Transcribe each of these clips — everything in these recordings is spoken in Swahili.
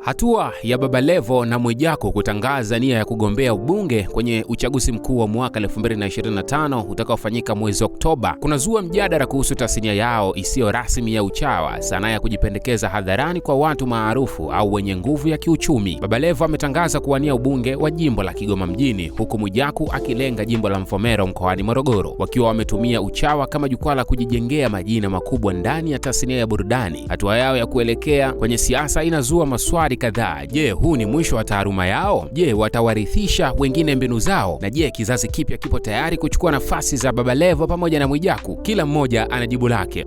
Hatua ya Baba Levo na Mwijaku kutangaza nia ya kugombea ubunge kwenye uchaguzi mkuu wa mwaka 2025 utakaofanyika mwezi Oktoba kunazua mjadala kuhusu tasnia yao isiyo rasmi ya uchawa, sanaa ya kujipendekeza hadharani kwa watu maarufu au wenye nguvu ya kiuchumi. Baba Levo ametangaza kuwania ubunge wa jimbo la Kigoma mjini, huku Mwijaku akilenga jimbo la Mvomero mkoani Morogoro, wakiwa wametumia uchawa kama jukwaa la kujijengea majina makubwa ndani ya tasnia ya burudani. Hatua yao ya kuelekea kwenye siasa inazua maswali safari kadhaa. Je, huu ni mwisho wa taaluma yao? Je, watawarithisha wengine mbinu zao? Na je, kizazi kipya kipo tayari kuchukua nafasi za Baba Levo pamoja na Mwijaku? Kila mmoja ana jibu lake.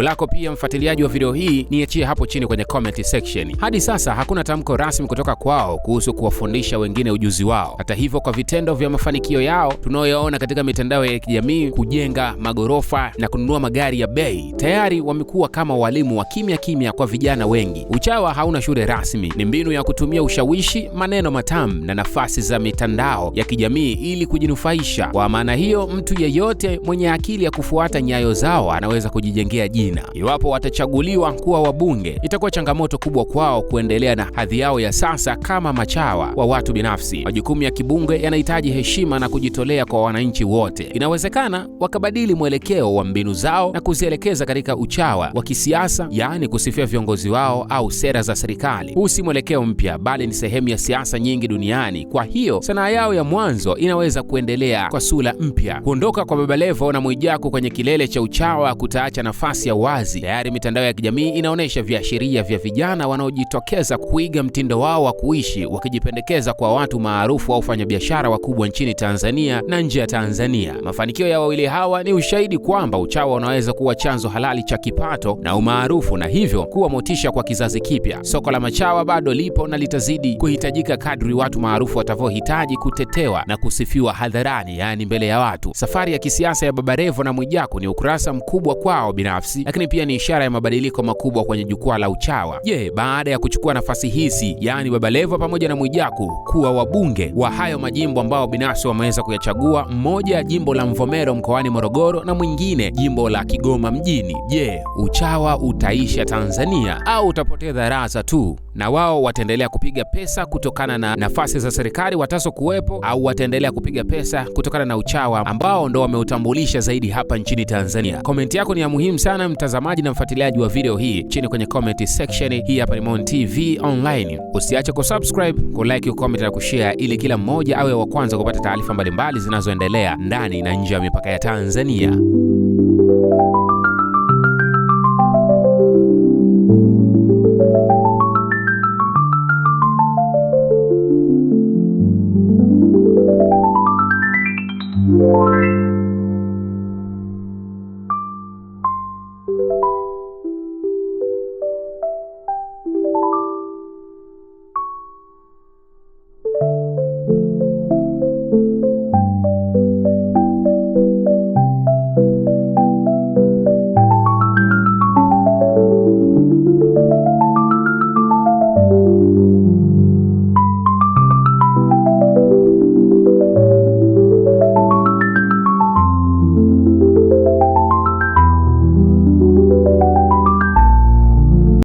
Jibu lako pia mfuatiliaji wa video hii niachie hapo chini kwenye comment section. Hadi sasa hakuna tamko rasmi kutoka kwao kuhusu kuwafundisha wengine ujuzi wao. Hata hivyo, kwa vitendo vya mafanikio yao tunayoyaona katika mitandao ya kijamii, kujenga magorofa na kununua magari ya bei, tayari wamekuwa kama walimu wa kimya kimya kwa vijana wengi. Uchawa hauna shule rasmi, ni mbinu ya kutumia ushawishi, maneno matamu na nafasi za mitandao ya kijamii ili kujinufaisha. Kwa maana hiyo, mtu yeyote mwenye akili ya kufuata nyayo zao anaweza kujijengea jina hazina. Iwapo watachaguliwa kuwa wabunge, itakuwa changamoto kubwa kwao kuendelea na hadhi yao ya sasa kama machawa wa watu binafsi. Majukumu ya kibunge yanahitaji heshima na kujitolea kwa wananchi wote. Inawezekana wakabadili mwelekeo wa mbinu zao na kuzielekeza katika uchawa wa kisiasa, yaani kusifia viongozi wao au sera za serikali. Huu si mwelekeo mpya, bali ni sehemu ya siasa nyingi duniani. Kwa hiyo sanaa yao ya mwanzo inaweza kuendelea kwa sura mpya. Kuondoka kwa Baba Levo na Mwijaku kwenye kilele cha uchawa kutaacha nafasi ya wazi. Tayari mitandao ya kijamii inaonyesha viashiria vya vijana wanaojitokeza kuiga mtindo wao wa kuishi, wakijipendekeza kwa watu maarufu au wafanyabiashara wakubwa nchini Tanzania na nje ya Tanzania. Mafanikio ya wawili hawa ni ushahidi kwamba uchawi unaweza kuwa chanzo halali cha kipato na umaarufu, na hivyo kuwa motisha kwa kizazi kipya. Soko la machawa bado lipo na litazidi kuhitajika kadri watu maarufu watavyohitaji kutetewa na kusifiwa hadharani, yaani mbele ya watu. Safari ya kisiasa ya Baba Levo na Mwijaku ni ukurasa mkubwa kwao binafsi lakini pia ni ishara ya mabadiliko makubwa kwenye jukwaa la Uchawa. Je, baada ya kuchukua nafasi hizi, yaani Babalevo pamoja na Mwijaku kuwa wabunge wa hayo majimbo ambao binafsi wameweza kuyachagua, mmoja jimbo la Mvomero mkoani Morogoro na mwingine jimbo la Kigoma mjini, je, Uchawa utaisha Tanzania au utapoteza raza tu? na wao wataendelea kupiga pesa kutokana na nafasi za serikali watazokuwepo kuwepo, au wataendelea kupiga pesa kutokana na uchawa ambao ndo wameutambulisha zaidi hapa nchini Tanzania. Komenti yako ni ya muhimu sana, mtazamaji na mfuatiliaji wa video hii, chini kwenye comment section. Hii hapa ni Mon TV Online. Usiache kusubscribe, kulike, kucomment na kushare ili kila mmoja awe wa kwanza kupata taarifa mbalimbali zinazoendelea ndani na nje ya mipaka ya Tanzania.